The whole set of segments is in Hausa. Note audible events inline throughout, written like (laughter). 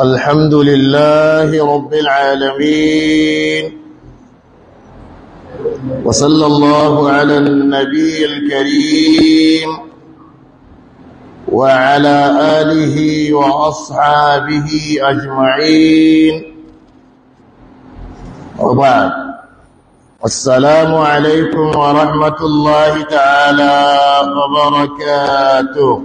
الحمد لله رب العالمين وصلى الله على النبي الكريم وعلى آله وأصحابه أجمعين وبعد السلام عليكم ورحمة الله تعالى وبركاته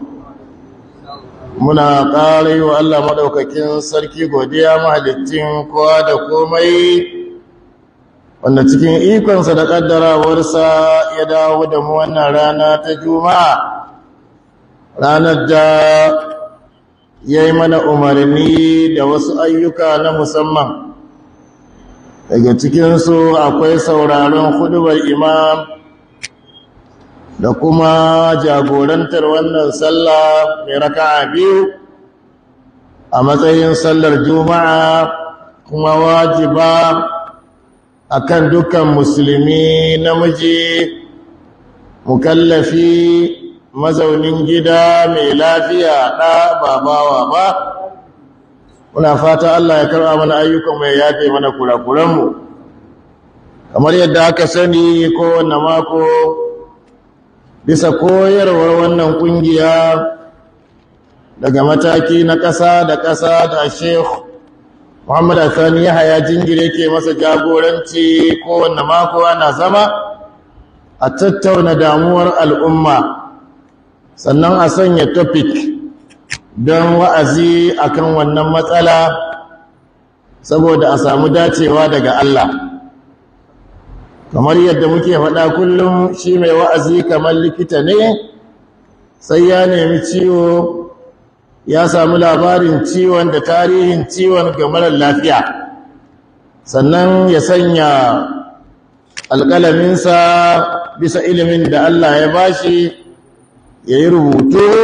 muna ƙara yi wa Allah maɗaukakin sarki godiya mahalittin kowa da komai wanda cikin ikonsa da ƙaddarawarsa ya dawo da mu wannan rana ta juma'a ranar da ya yi mana umarni da wasu ayyuka na musamman daga cikinsu akwai sauraron hudubar imam da kuma jagorantar wannan sallah mai raka biyu a matsayin sallar juma'a kuma wajiba a kan dukkan musulmi namiji mukallafi mazaunin gida mai lafiya ɗa babawa ba muna fata Allah ya karɓa mana ayyukan mai yafe mana kurakuranmu kamar yadda aka sani kowane mako bisa koyarwar wannan kungiya daga mataki na ƙasa da ƙasa da sheikh sani ya yahaya jingire ke masa jagoranci kowanne mako na zama a tattauna damuwar al'umma sannan a sanya topic don wa'azi akan wannan matsala saboda a samu dacewa daga Allah kamar yadda muke faɗa kullum shi mai wa'azi kamar likita ne sai ya nemi ciwo ya samu labarin ciwon da tarihin ciwon ga marar lafiya sannan ya sanya alƙalaminsa bisa ilimin da Allah ya bashi ya yi rubutu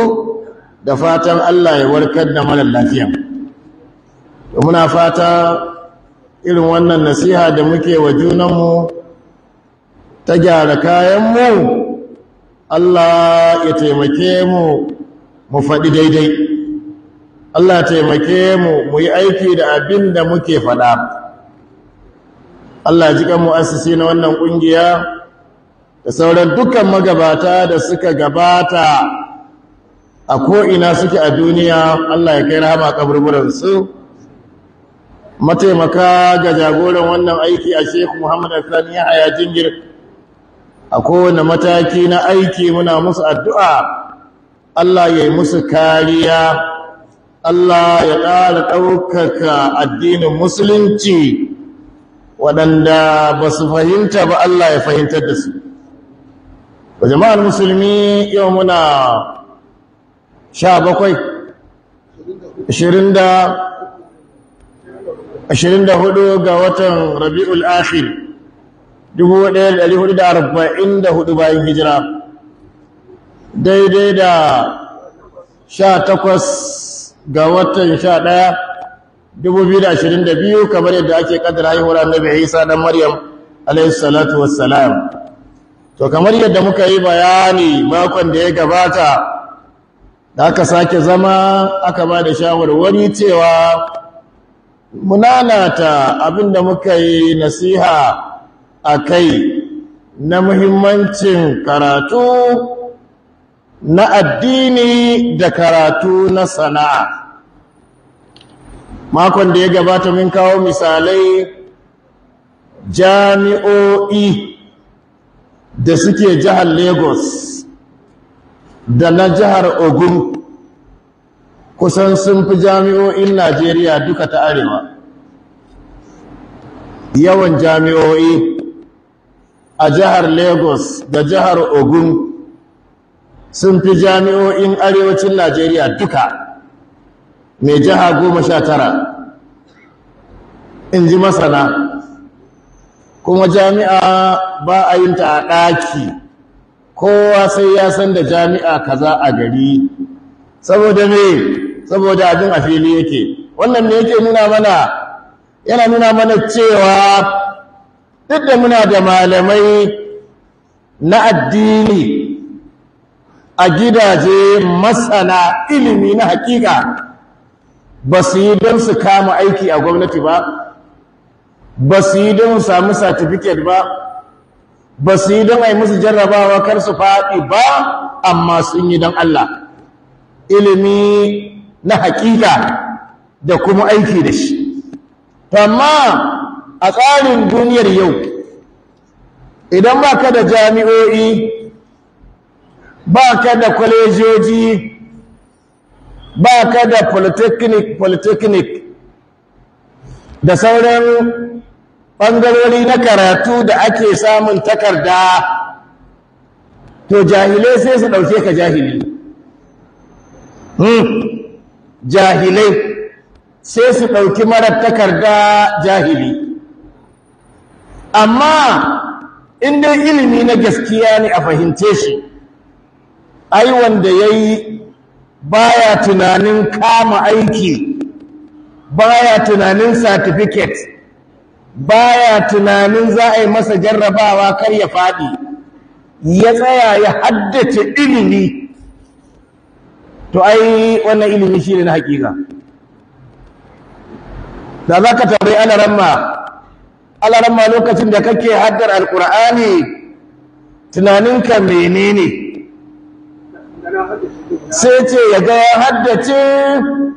da fatan Allah ya warkar da marar lafiya muna fata irin wannan nasiha da muke wa junanmu ta gyara kayanmu Allah ya taimake mu mu faɗi daidai Allah ya taimake mu mu yi aiki da abin da muke faɗa Allah ji jikan mu'assisi na wannan ƙungiya da sauran dukkan magabata da suka gabata a ko'ina suke a duniya Allah ya kai rahama kaburburansu mataimaka ga jagoran wannan aiki a Sheikh Muhammad Al-Sani Yahya a kowane mataki na aiki muna musu addu'a Allah ya yi musu kariya Allah ya ƙara ɗaukaka addinin musulunci waɗanda ba su fahimta ba Allah ya fahimtar da su ba jama'ar musulmi yau muna sha bakwai ashirin da hudu ga watan rabi'ul akhir 1444 bayan hijira daidai da 18 ga watan 11 2022 kamar yadda ake kaddara haihuwar annabi Isa dan Maryam alayhi salatu wassalam to kamar yadda muka yi bayani makon da ya gabata da aka sake zama aka ba da shawarwari cewa munanata abinda muka yi nasiha a kai na muhimmancin karatu na addini da karatu na sana'a makon da ya gabata mun kawo misalai jami'o'i da suke jihar lagos da na jihar ogun kusan sun fi jami'o'in najeriya duka ta arewa yawan jami'o'i a jihar lagos da jihar ogun sun fi jami'o'in arewacin najeriya duka mai jiha goma sha tara in ji masana kuma jami'a ba a yin ta a ɗaki kowa sai ya san da jami'a kaza a gari saboda ne saboda abin a fili yake wannan ne yake nuna mana yana nuna mana cewa duk da muna da malamai na addini a gidaje masana ilimi na hakika ba su yi don su kama aiki a gwamnati ba ba su yi don samu satifiket ba ba su yi don a yi musu jarrabawa kar su faɗi ba amma sun yi don Allah ilimi na hakika da kuma aiki da shi amma a tsarin duniyar yau idan ba ka da jami'o'i ba ka da kwalejoji ba ka da polytechnic polytechnic da sauran ɓangarori na karatu da ake samun takarda to jahilai sai su ɗauke ka jahili hmm, jahilai sai su ɗauki marar takarda jahili amma in ilimi na gaskiya ne a fahimce shi ai wanda yayi baya tunanin kama aiki baya tunanin certificate baya tunanin za a yi masa jarrabawa kar ya faɗi ya tsaya ya haddace ilimi to ai wannan ilimi shi ne na hakika da za ka tabi ramma alaran lokacin da kake haddar alkur'ani tunaninka menene sai ce ya ga ya haddace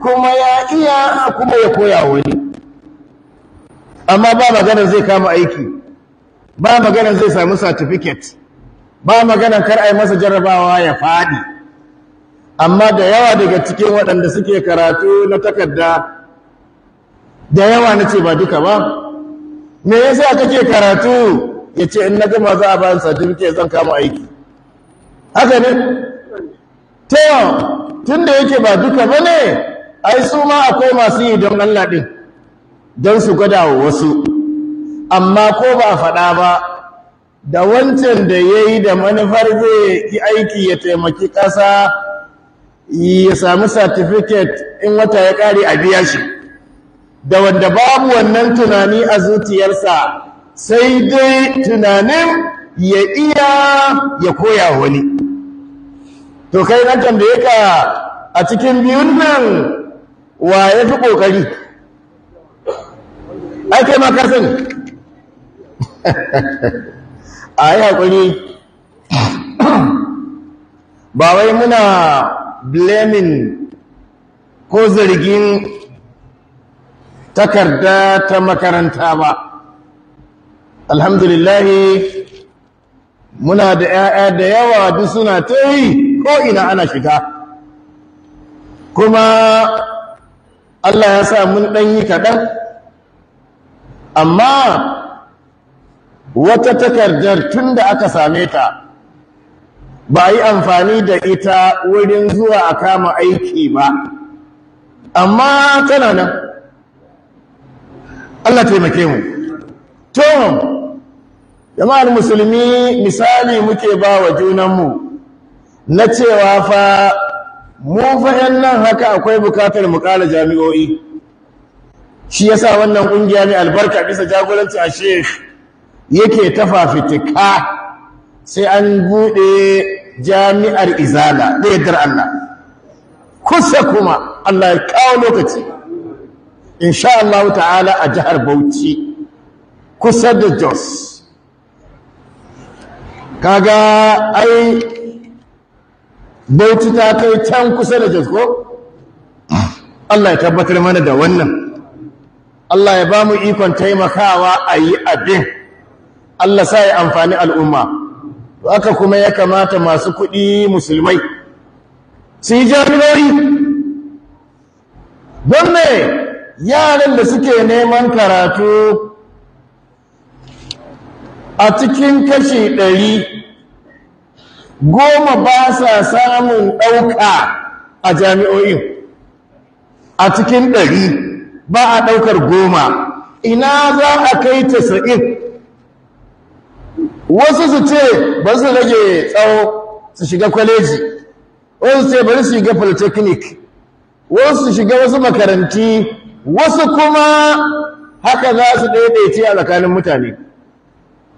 kuma ya iya kuma ya koya wani amma ba magana zai kama aiki ba magana zai sami certificate ba magana kar a yi masa jarrabawa ya faɗi amma da yawa daga cikin waɗanda suke karatu na takarda da yawa na ce ba duka ba me yasa kake karatu ya ce in na za a bayan certificate zan kama aiki haka ne ta tunda da yake ba duka ba ne ai su ma akwai masu yi don allah ɗin don su gada wa wasu amma ko ba a faɗa ba da wancan da ya yi da manufar zai yi aiki ya taimaki ƙasa ya sami certificate in wata ya ƙare a biya shi da wanda babu wannan tunani a zuciyarsa sai dai tunanin ya iya ya koya wani to kai na tambaye ka a cikin biyun nan wa ya fi ƙoƙari ake kai a yi (laughs) haƙuri ba wai muna blaming ko zargin takarda ta makaranta ba alhamdulillahi muna da 'ya'ya da yawa duk suna ta yi ko'ina ana shiga kuma Allah ya sa mun ɗan yi kaɗan amma wata takardar tun da aka same ta ba yi amfani da ita wurin zuwa a kama aiki ba amma tana nan Allah taimake mu to jama'ar musulmi misali muke ba wa mu na cewa fa mu fa nan haka akwai bukatar mu kala jami'o'i shi yasa wannan kungiya mai albarka bisa jagoranci a sheikh yake tafafitika sai an bude jami'ar izala da yaddar Allah kusa kuma Allah ya kawo lokaci insha Allah ta'ala a jihar Bauchi kusa da Jos kaga ai Bauchi ta kai can kusa da Jos ko Allah ya tabbatar mana da wannan Allah ya bamu ikon taimakawa ayi abin Allah sa ya amfani al'umma haka kuma ya kamata masu kuɗi musulmai su yi don me yaran da suke neman karatu a cikin kashi ɗari goma ba sa samun ɗauka a jami'o'i a cikin ɗari ba a ɗaukar goma ina za a kai tasa'in wasu su ce ba su rage tsawo su shiga kwaleji wasu ce ba su shiga polytechnic wasu su shiga wasu makaranti wasu kuma haka za su daidaice a tsakanin mutane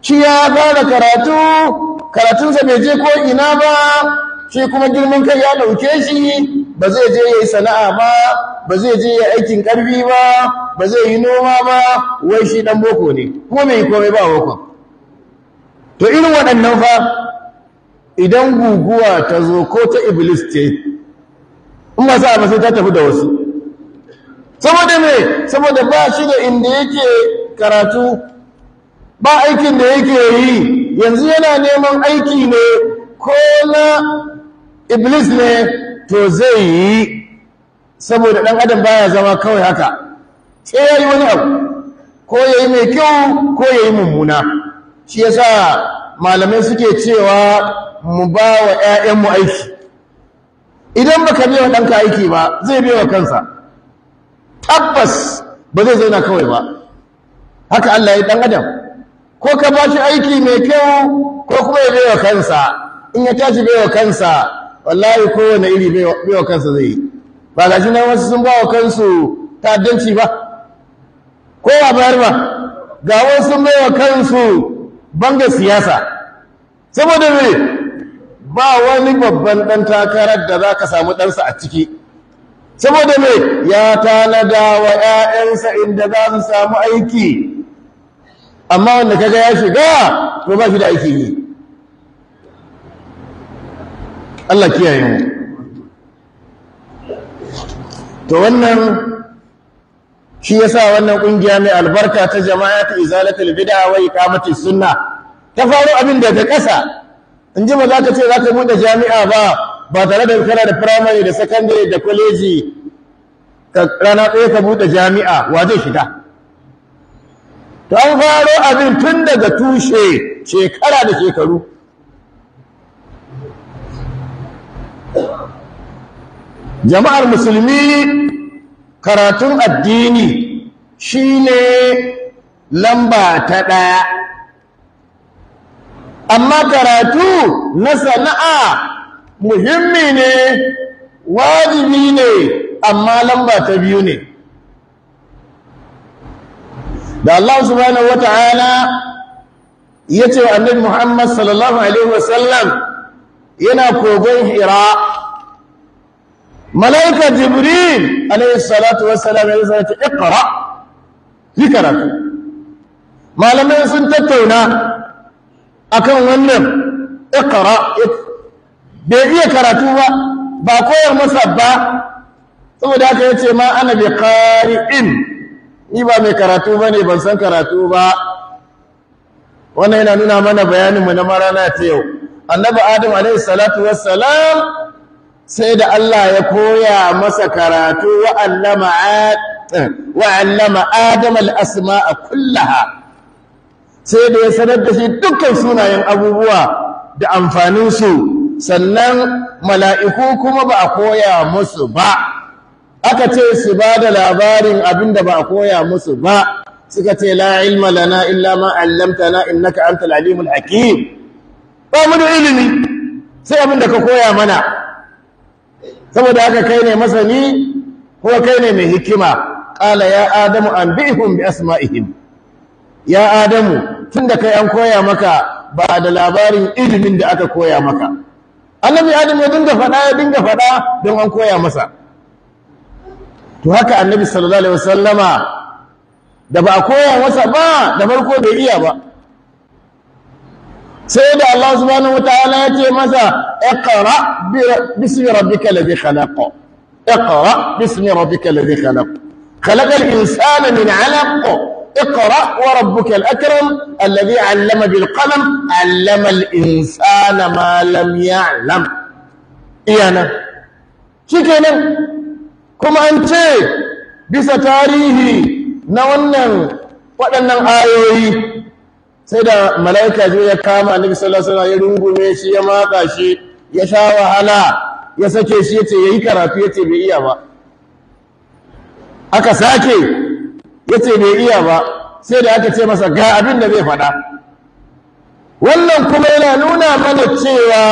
shi ya fara karatu karatunsa bai je ko ina ba shi kuma girman kai ya ɗauke shi ba zai je ya yi sana'a ba ba zai je ya aikin karfi ba ba zai yi noma ba wai shi dan boko ne kuma mai komai ba boko to irin waɗannan fa idan guguwa ta zo ko ta iblis ce in ba sa ba sai ta tafi da wasu saboda ne saboda ba shi da inda yake karatu ba aikin da yake yi yanzu yana neman aiki ne ko na iblis ne to zai yi saboda ɗan adam baya zama kawai haka sai ya yi wani abu ko ya yi mai kyau ko ya yi mummuna shi yasa malamai suke cewa mu ba wa 'ya'yanmu aiki idan baka biya wa ɗanka aiki ba zai biya wa kansa tabbas ba zai zauna kawai ba haka Allah ya dan adam ko ka ba shi aiki mai kyau ko kuma ya baiwa kansa in ya tashi baiwa kansa wallahi kowane iri baiwa kansa zai yi ba ga shi na wasu sun wa kansu ta'addanci ba ko ba bayar ba ga wasu sun baiwa kansu banga siyasa saboda me ba wani babban dan takarar da za ka samu ɗansa a ciki saboda mai ya tanada wa 'ya'yansa inda za su samu aiki amma wanda kaga ya shiga to ba shi da aiki yi Allah kiyaye mu to wannan shi yasa wannan kungiya mai albarka ta jama'a ta izalata albida wa iqamati sunna ta faru abin da ta ƙasa in ji ma za ka ce za ka buɗe jami'a ba ba tare da kana da primary da secondary da college rana ɗaya ka buɗe jami'a wa zai shiga ta faro abin tun daga tushe shekara da shekaru jama'ar musulmi karatun addini shine lamba ta ɗaya amma karatu na sana'a muhimmi ne wajibi ne amma lamba ta biyu ne da Allah subhanahu wata'ala ya ce wa annabi Muhammad sallallahu alaihi wasallam yana kogon hira malaika jibril alaihi salatu wasallam ya zai ta ikra yi karatu malamai sun tattauna akan wannan ikra bai iya karatu ba ba koyar masa ba saboda haka ya ce ma ana kari in ni ba mai karatu ba ne ban san karatu ba wannan yana nuna mana bayaninmu na marana ta yau annabi adam alaihi salatu wassalam sai da Allah ya koya masa karatu wa'allama Adam al'asma a kullaha sai da ya sanar da shi dukkan sunayen abubuwa da amfaninsu sannan mala'iku kuma ba a koya musu ba aka ce su ba da labarin abin da ba a koya musu ba suka ce la ilma lana illa ma in innaka antal alimul hakim ba mu da ilimi sai abin da ka koya mana saboda haka kai ne masani ko kai ne mai hikima ƙala ya adamu an bi asma'ihim ya adamu tun da kai an koya maka ba da labarin ilimin da aka koya maka annabi adam ya dinga fada ya dinga fada don an koya masa to haka annabi sallallahu alaihi wasallama da ba koya masa ba da farko da iya ba sai da Allah subhanahu wataala ya ce masa iqra bismi rabbika alladhi khalaq iqra bismi rabbika alladhi khalaq خلق الإنسان من علق اقرأ وربك الأكرم الذي علم بالقلم علم الإنسان ما لم يعلم إيانا شكرا كما أنت بس تاريه نونا وأننا آيوي سيدا ملائكة جوية كاما النبي صلى الله عليه وسلم يرنب ميشي يماتا شي يشاوى هلا يسكي شيتي يهي كرافيتي بإيا ما أكا ساكي ya ce bai iya ba sai da aka ce masa ga abin da zai faɗa wannan kuma yana nuna mana cewa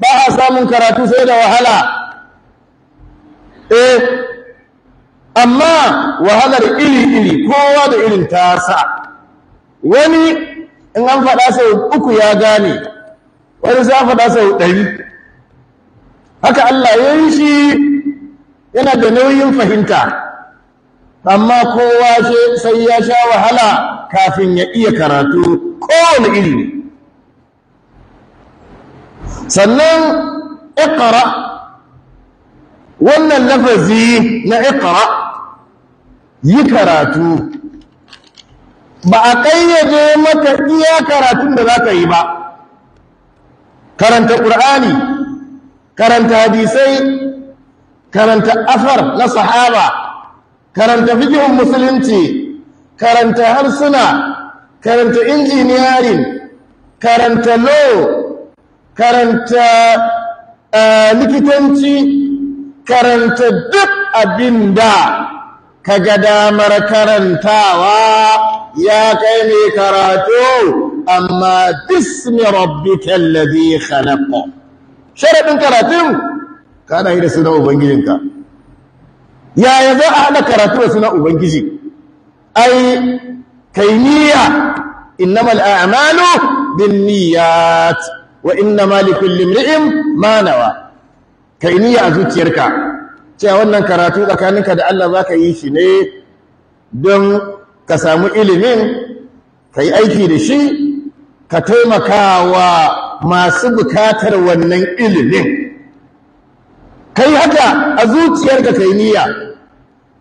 ba a samun karatu sai da wahala eh amma wahalar iri-iri kowa da irin tasa wani in an faɗa sau uku ya gane wani za faɗa sau ɗari haka Allah ya shi yana da nauyin fahimta amma kowa sai ya sha wahala kafin ya iya karatu kowane ilimi. sannan ikara wannan lafazi na ikara yi karatu ba a ƙayyade maka iya karatun da za ka yi ba karanta ƙur'ani karanta hadisai karanta afar na sahaba karanta fikihun musulunci karanta harsuna karanta injiniyarin karanta law karanta likitanci karanta duk abin da ka ga damar karantawa ya kai mai karatu amma bismi rabbi alladhi khalaqa sharadin karatun kana yi da sunan ubangijinka yaya za a haɗa karatu da suna ubangiji ai kai niyya innamal a'malu bin wa innama likulli imri'in ma nawa kai niyya a zuciyarka cewa wannan karatu tsakaninka da Allah za ka yi shi ne don ka samu ilimin kai aiki da shi ka taimakawa masu bukatar wannan ilimin kai haka a zuciyarka kai niyya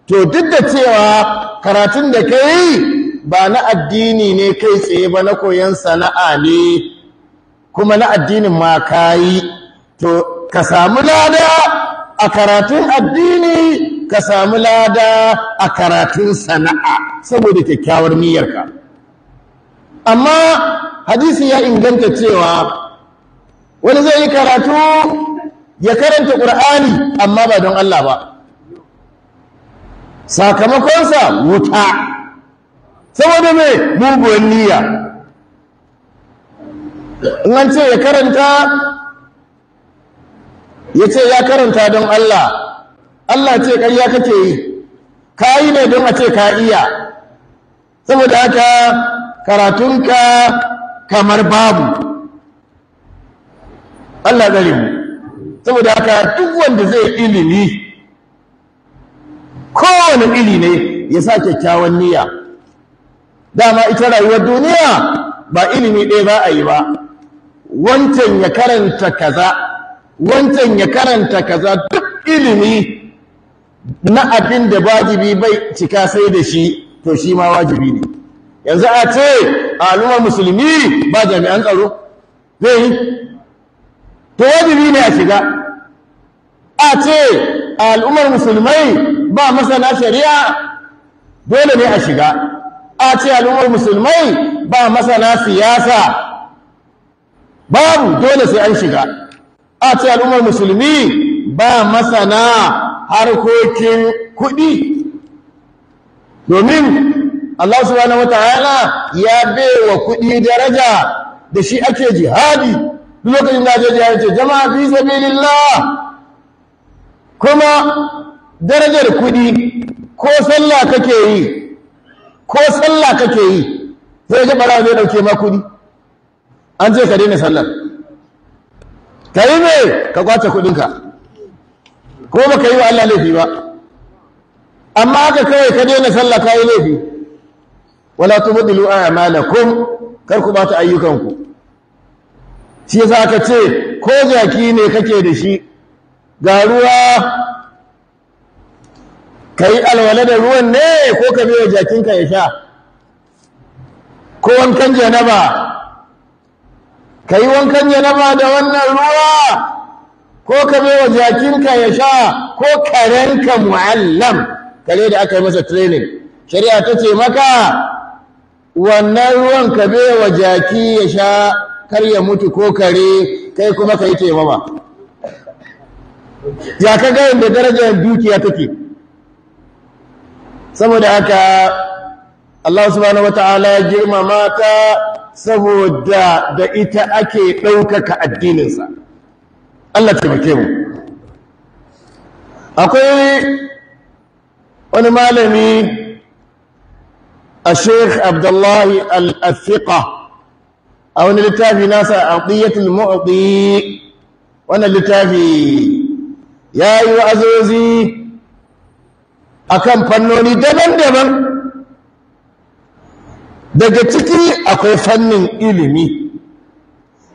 to duk da cewa karatun da ka yi ba na addini ne kai tsaye ba na koyon sana'a ne kuma na addinin ma ka yi to ka samu lada a karatun addini ka samu lada a karatun sana'a saboda kyakkyawar miyarka. amma hadisi ya inganta cewa wani zai yi karatu ya karanta ƙur'ani amma ba don Allah ba sakamakonsa wuta saboda mai muguwan niyya in an ce ya karanta ya ce ya karanta don Allah Allah ce ƙarya kake yi ka yi ne don a ce ka iya saboda haka karatunka kamar babu Allah zai mu saboda haka duk wanda zai ilimi kowane iri ne ya sa kyakkyawan niyya dama ita rayuwar duniya ba ilimi ɗaya ba a yi ba wancan ya karanta kaza wancan ya karanta kaza duk ilimi na abin da wajibi bai cika sai da shi to shi ma wajibi ne yanzu a ce a al'ummar musulmi ba jami'an tsaro zai yi to wajibi ne a shiga a ce a al'ummar musulmai ba masana shari'a dole ne a shiga a ce al'ummar musulmai ba masana siyasa babu dole sai an shiga a ce al'ummar musulmi ba masana harkokin kuɗi domin Allah subhanahu wataala ya wa kuɗi daraja da shi ake jihadi duk lokacin da ake jihadi ce jama'a fi sabilillah kuma darajar kuɗi ko sallah kake yi ko sallah kake yi zai ga bara zai ɗauke ma kudi an ce ka daina sallar ka yi me ka kwace kuɗinka ko ba ka yi wa Allah laifi ba amma haka kawai ka daina sallah ka yi laifi wala tubdilu a'malakum kar ku bata ayyukanku shi yasa ka ce ko jaki ne kake da shi ga ruwa ka yi alwala da ruwan ne ko ka biyo jakinka ya sha ko wankan janaba ka yi wankan janaba da wannan ruwa ko ka biyo jakinka ya sha ko karenka mu'allam kare da aka yi masa training shari'a ta ce maka wannan ruwan ka biyo jaki ya sha kar ya mutu ko kare kai kuma ka yi taimama ya ka ga yadda darajar dukiya take saboda haka Allah subhanahu wata'ala ya girmama ta saboda da ita ake ɗaukaka addininsa Allah taimake mu akwai wani malami a sheikh abdullahi al-afiqa a wani littafi nasa a ɗiyatul mu'adi wannan littafi ya yi wa'azozi akan fannoni daban-daban daga ciki akwai fannin ilimi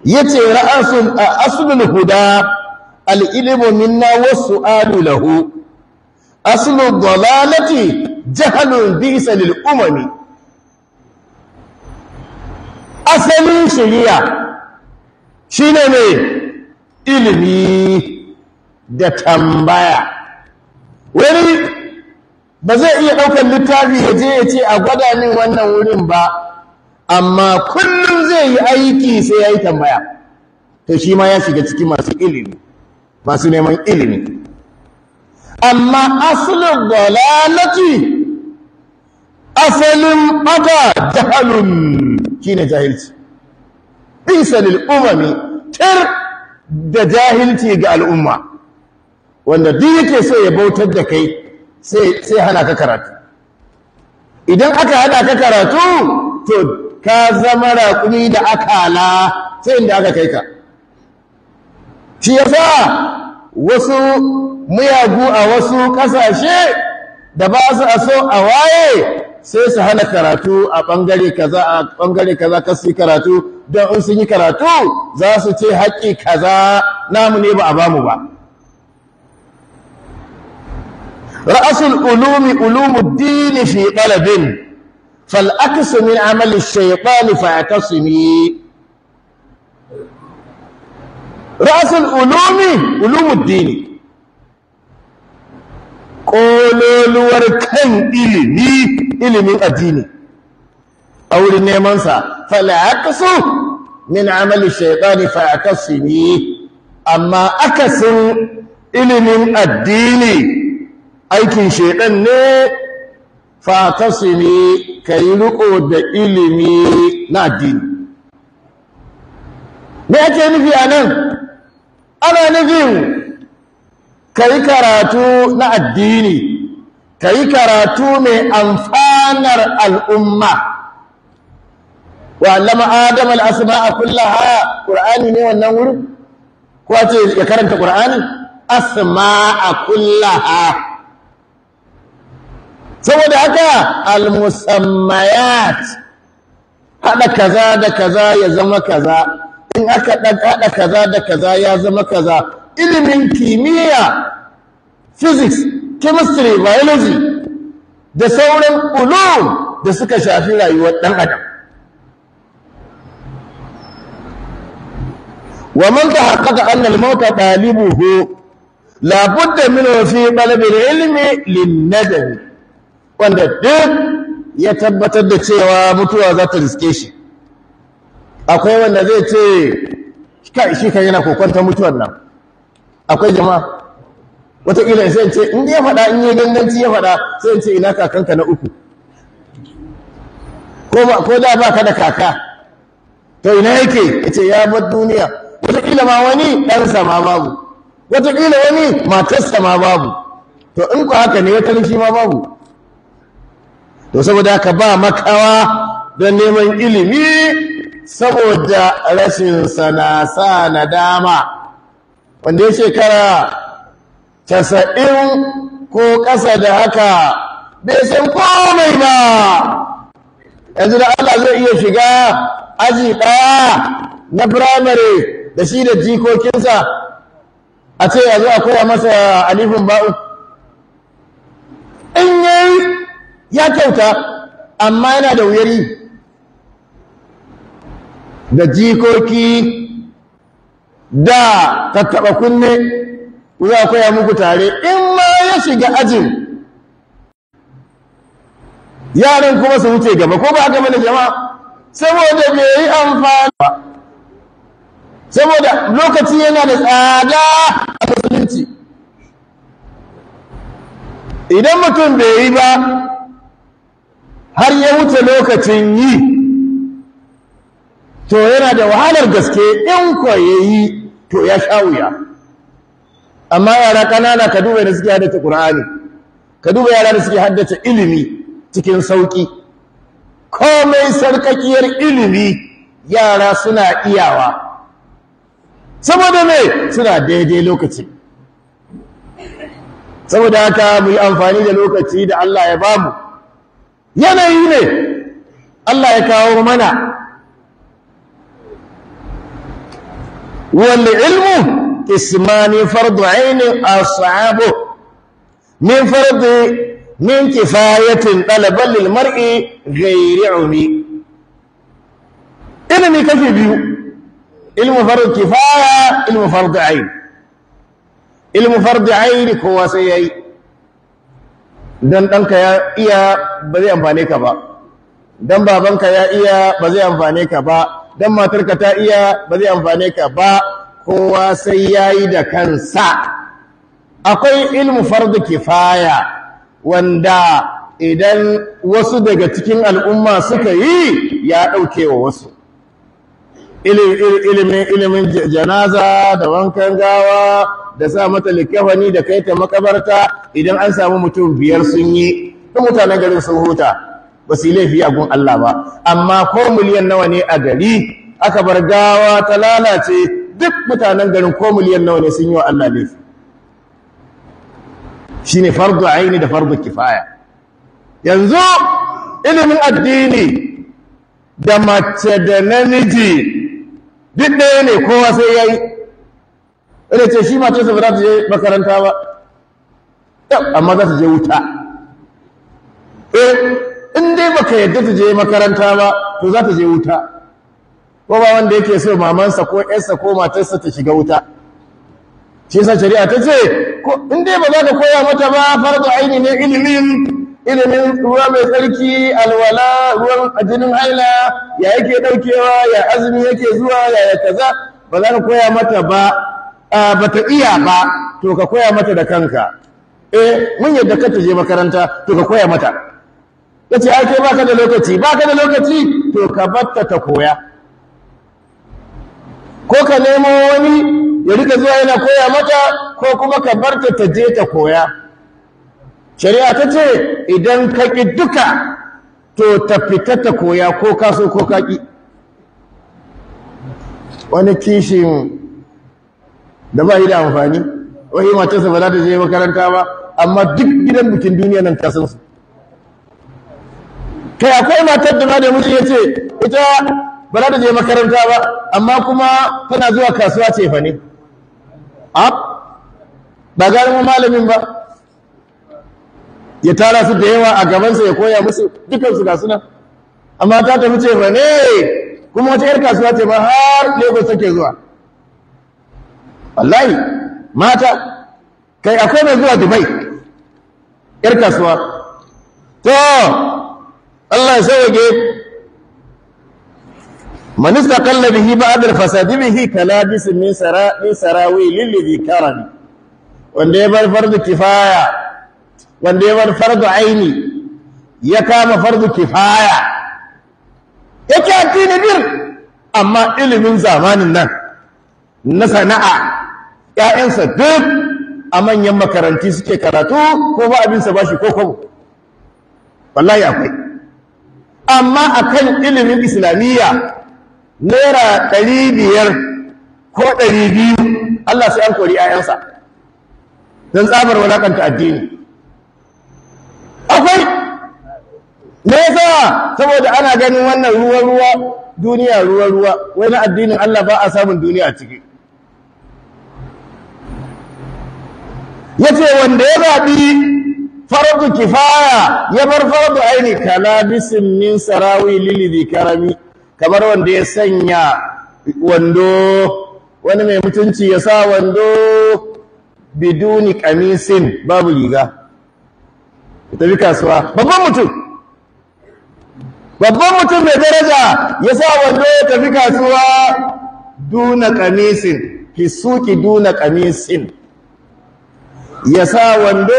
yace a asulun huda al-ilmu minna was-su'alu lahu aslul dalalati jihalun bisa lil umami asalin shiriya shine ne ilimi da tambaya wani ba zai iya ɗaukar littafi ya je ya ce a gwada min wannan wurin ba amma kullum zai yi aiki sai ya yi tambaya to shi ma ya shiga ciki masu ilimi masu neman ilimi amma asalin dalalati asalin bata jahalun shine jahilci bisa lil umami tir da jahilci ga al'umma wanda duk yake so ya bautar da kai sai hana ka karatu idan aka hana ka karatu to ka zama raƙumi da akala sai inda aka kai ka shi yasa wasu miyagu a wasu ƙasashe da ba su a so a waye sai su hana karatu a ɓangare kaza a ɓangare kaza ka su karatu don in sun yi karatu za su ce haƙƙi kaza namu ne ba a bamu ba رأس الألوم ألوم الدين في طلب فالأكس من عمل الشيطان فاعتصمي رأس الألوم ألوم الدين قولوا لوركن إلمي إلمي الدين أو لنمنسى فالأكس من عمل الشيطان فاعتصمي أما أكس إلمي الدين aikin shekan ne ne ka yi riko da ilimi na addini me ake nufi a nan ana nufin ka yi karatu na addini ka yi karatu mai amfanar al'umma lama adam al'asma a ha ƙur'ani ne wannan wurin kwace ya karanta ƙur'ani asma a kullaha saboda haka almusammayat haɗa kaza da kaza ya zama kaza in aka haɗa kaza da kaza ya zama kaza ilimin kimiyya physics chemistry biology da sauran ulum da suka shafi rayuwar ɗan adam ومن تحقق أن الموت طالبه لابد منه في طلب العلم للندم wanda duk ya tabbatar da cewa mutuwa za ta riske shi akwai wanda zai ce shi kan yana kokonta mutuwar nan akwai jama'a wataƙila sai ce in ya faɗa in yi ganganci ya faɗa sai ce ina kakanka na uku ko da ba ka da kaka to ina yake ya ce ya bar duniya wataƙila ma wani ɗan sama babu wataƙila wani matarsa ma babu to in ku haka ne tarin shi ma babu to saboda ka ba makawa don neman ilimi saboda rashin sana sa dama wanda ya shekara casa'in ko ƙasa da haka bai san komai ba yanzu da Allah zai iya shiga aji ɗaya na firamare da shi da jikokinsa a ce yanzu a koya masa alifin ba'u in yi ya kyauta amma yana da wuyari. da jikoki da tattaba kunne za a ya muku tare in ma ya shiga ajin yaran kuma su wuce gaba ko ba gaba da jama'a saboda bai yi amfani ba saboda lokaci yana da tsada a musulunci idan mutum bai yi ba har ya wuce lokacin yi to yana da wahalar gaske in ko yi to ya sha wuya amma yara ƙanana ka duba da suke haddace Qur'ani ka duba yara da suke haddace ilimi cikin sauƙi. komai sarkakiyar ilimi yara suna iyawa saboda me suna daidai lokaci saboda haka mu yi amfani da lokaci da Allah ya bamu yanayi ne Allah ya kawo mana wal ilmu ismani fardu aini ashabu min fardi min kifayatin talaban lil mar'i ghairi umi ilmi kashi biyu ilmu fardu kifaya ilmu fardu aini ilmu fardu aini kowa sai yayi don ɗanka ya iya ba zai amfane ka ba don babanka ya iya ba zai amfane ka ba don matarka ta iya ba zai amfane ka ba kowa sai ya yi da kansa akwai ilmu fardu kifaya wanda idan wasu daga cikin al'umma suka yi ya ɗauke wa wasu ilimin janaza da wankan gawa da sa mata likafani da kai ta makabarta idan an samu mutum biyar sun yi ta mutanen garin sun huta ba su yi laifi a gun Allah ba amma ko miliyan nawa ne a gari aka bar gawa ta lalace duk mutanen garin ko miliyan nawa ne sun yi wa Allah laifi shi ne fardu aini da fardu kifaya yanzu ilimin addini da mace da namiji duk ɗaya ne kowa sai ya yi ina ce shi matarsa ba za ta je makaranta ba amma za ta je wuta eh in dai baka yadda ta je makaranta ba to za ta je wuta ko ba wanda yake so mamansa ko yarsa ko matarsa ta shiga wuta shi yasa shari'a ta ce in dai ba za ka koya mata ba da aini ne ilimin ilimin ruwa mai tsarki alwala ruwan ajinin haila ya yake daukewa ya azumi yake zuwa ya kaza ba za ka koya mata ba bata iya ba to ka koya mata da kanka eh mun yadda ka je makaranta to ka koya mata yace ai ke baka da lokaci baka da lokaci to ka batta ta koya ko ka nemo wani ya rika zuwa yana koya mata ko kuma ka barta ta je ta koya shari'a ta ce idan ka ki duka to ta fita ta koya ko ka so ko ka ki wani kishin da ba yi da amfani wai matarsa ba za ta je makaranta ba amma duk gidan bikin duniya nan ta san su kai akwai matar da ma da mutum ya ce ita ba za ta je makaranta ba amma kuma tana zuwa kasuwa ce fa ne a ba mu malamin ba ya tara su da yawa a gabansa ya koya musu dukansu ga suna amma ta tafi ce fa ne kuma wata 'yar kasuwa ce ba har lagos take zuwa wallahi mata kai akwai mai zuwa dubai yar kasuwa to Allah ya sauke man istaqalla bihi ba'd al-fasadi bihi kalabis min sara min sarawi lilladhi karani wanda ya bar fardu kifaya wanda ya bar fardu aini ya kama fardu kifaya yake addini bir amma ilimin zamanin nan na sana'a ‘ya'yansa duk a manyan makaranti suke karatu ko ba abinsa ba shi ko kwabo wallahi akwai amma a kan ilimin islamiyya naira ɗari biyar ko ɗari biyu Allah sai an kori ‘ya'yansa don tsabar walakanta addini akwai me yasa saboda ana ganin wannan ruwa-ruwa duniya ruwa-ruwa wani addinin Allah ba a samun duniya a ciki yace wanda ya zabi fardu kifaya ya bar fardu aini kalabisin min sarawi lilidi karami kamar wanda ya sanya wando wani mai mutunci ya sa wando biduni kamisin babu riga tafi kasuwa babban mutum babban mutum mai daraja ya sa wando ya tafi kasuwa duna kamisin ki suki duna kamisin ya sa wando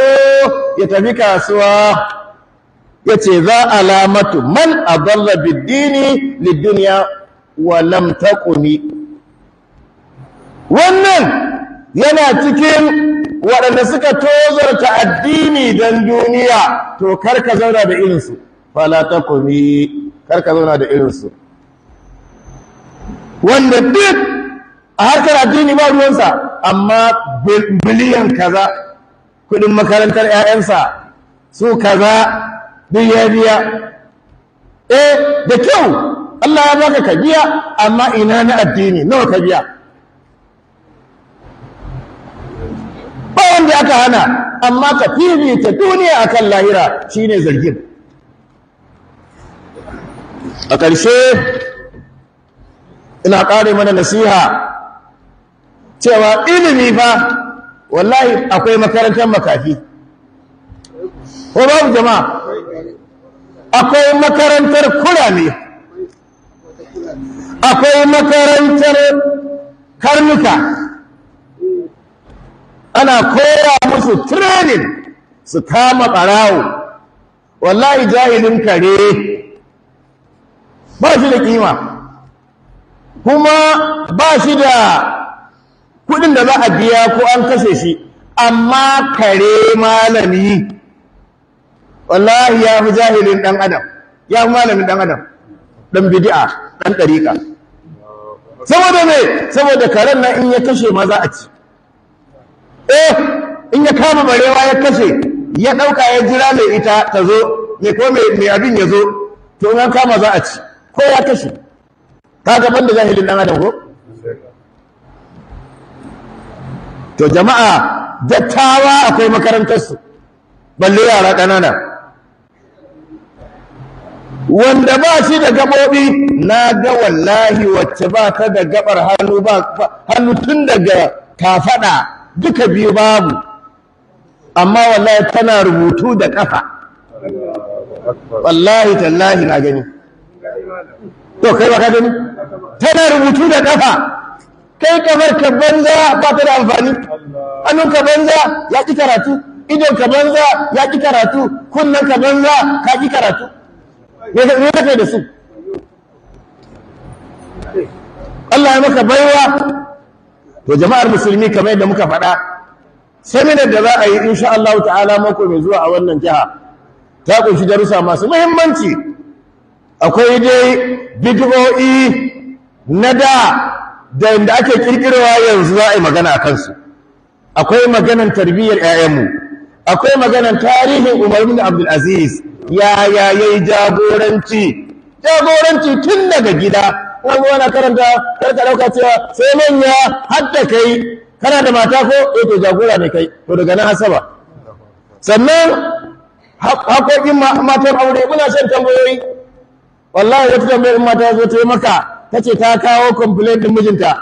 ya tafi kasuwa ya ce za alamatu man adalla biddini duniya? wa lam taquni wannan yana cikin waɗanda suka tozarta addini don duniya to karka zauna da irinsu fala taquni karka zauna da irinsu wanda duk a harkar addini ba ruwansa amma biliyan kaza kudin makarantar ‘ya'yansa su kaza duk ya biya eh da kyau Allah ya baka ka biya amma ina na addini nawa ka biya ba wanda aka hana amma ka ta duniya akan lahira shine zargin a ƙarshe ina ƙare mana nasiha cewa ilimi ba. wallahi akwai makarantar makafi ko babu jama'a akwai makarantar kurame akwai makarantar karnuka ana koya musu training su kama barawo wallahi jahilin kare ba shi da kima kuma ba shi da kuɗin da za a biya ko an kashe shi amma kare malami wallahi ya fi jahilin ɗan adam ya fi malamin ɗan adam Dan bidi'a dan ɗariƙa saboda me saboda karen nan in ya kashe ma za a ci eh in ya kama barewa ya kashe ya ɗauka ya jira mai ita ta zo ko mai abin ya zo to in an kama za a ci ko ya kashe ka ga da jahilin ɗan adam ko to jama'a dattawa akwai makarantarsu balle yara ƙanana wanda ba shi da gaɓoɓi na ga wallahi wacce ba ta da gaɓar hannu ba hannu tun daga kafaɗa duka biyu babu amma wallahi tana rubutu da ƙafa wallahi tallahi na gani to kai ba ka gani tana rubutu da ƙafa kai kamar ka banza ba ta da amfani hannun ka banza ya ki karatu idon ka banza ya ki karatu Kunnan ka banza ka ki karatu me ka kai da su Allah ya maka baiwa to jama'ar musulmi kamar yadda muka faɗa seminar da za a yi insha Allah ta'ala mako mai zuwa a wannan jiha ta kunshi darussa masu muhimmanci akwai dai bid'o'i na da da yadda ake kirkirwa yanzu za a yi magana a kansu akwai maganan tarbiyyar 'ya'yanmu akwai maganan tarihin umar bin abdul aziz ya ya yayi jagoranci jagoranci tun daga gida wani wani karanta karka dauka cewa sai manya har da kai kana da mata ko eh jagora ne kai to daga nan hasaba sannan hakokin matan aure muna shan tambayoyi wallahi wata tambayar mata zo ta yi maka ta ce ta kawo complain din mijinta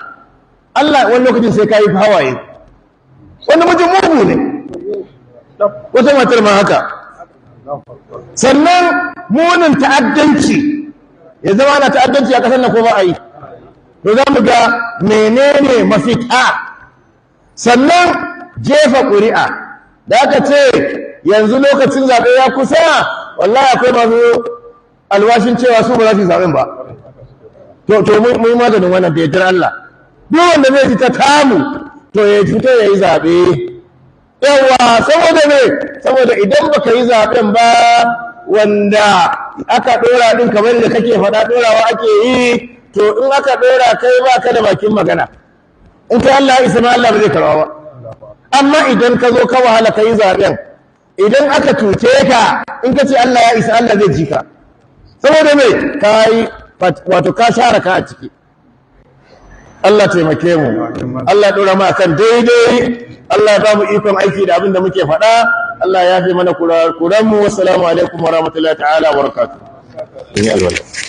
Allah wani lokacin sai kayi hawaye wani mijin mugu ne wata matar ma haka sannan munin ta'addanci ya zama na ta'addanci a kasar na kuma ba to za mu ga menene mafita sannan jefa ƙuri'a da aka ce yanzu lokacin zaɓe ya kusa wallahi akwai masu alwashin cewa su ba za su yi zaɓen ba to to mu mu maganin wannan da yardar Allah duk wanda zai ta tamu to ya fito ya yi zaɓe yawa saboda me saboda idan baka yi zaben ba wanda aka ɗora ɗin kamar da kake faɗa ɗorawa ake yi to in aka ɗora kai ba ka da bakin magana in kai Allah ya isa ma Allah ba zai karawa ba amma idan ka zo ka wahala kai yi idan aka cuce ka in ka ce Allah ya isa Allah zai ji ka saboda me ka yi wato ka share ka a ciki Allah taimake mu Allah dora mu akan daidai Allah ya ba mu ikon aiki da abin da muke faɗa Allah ya fi mana kura-kuran mu assalamu alaikum warahmatullahi ta'ala wabarakatuh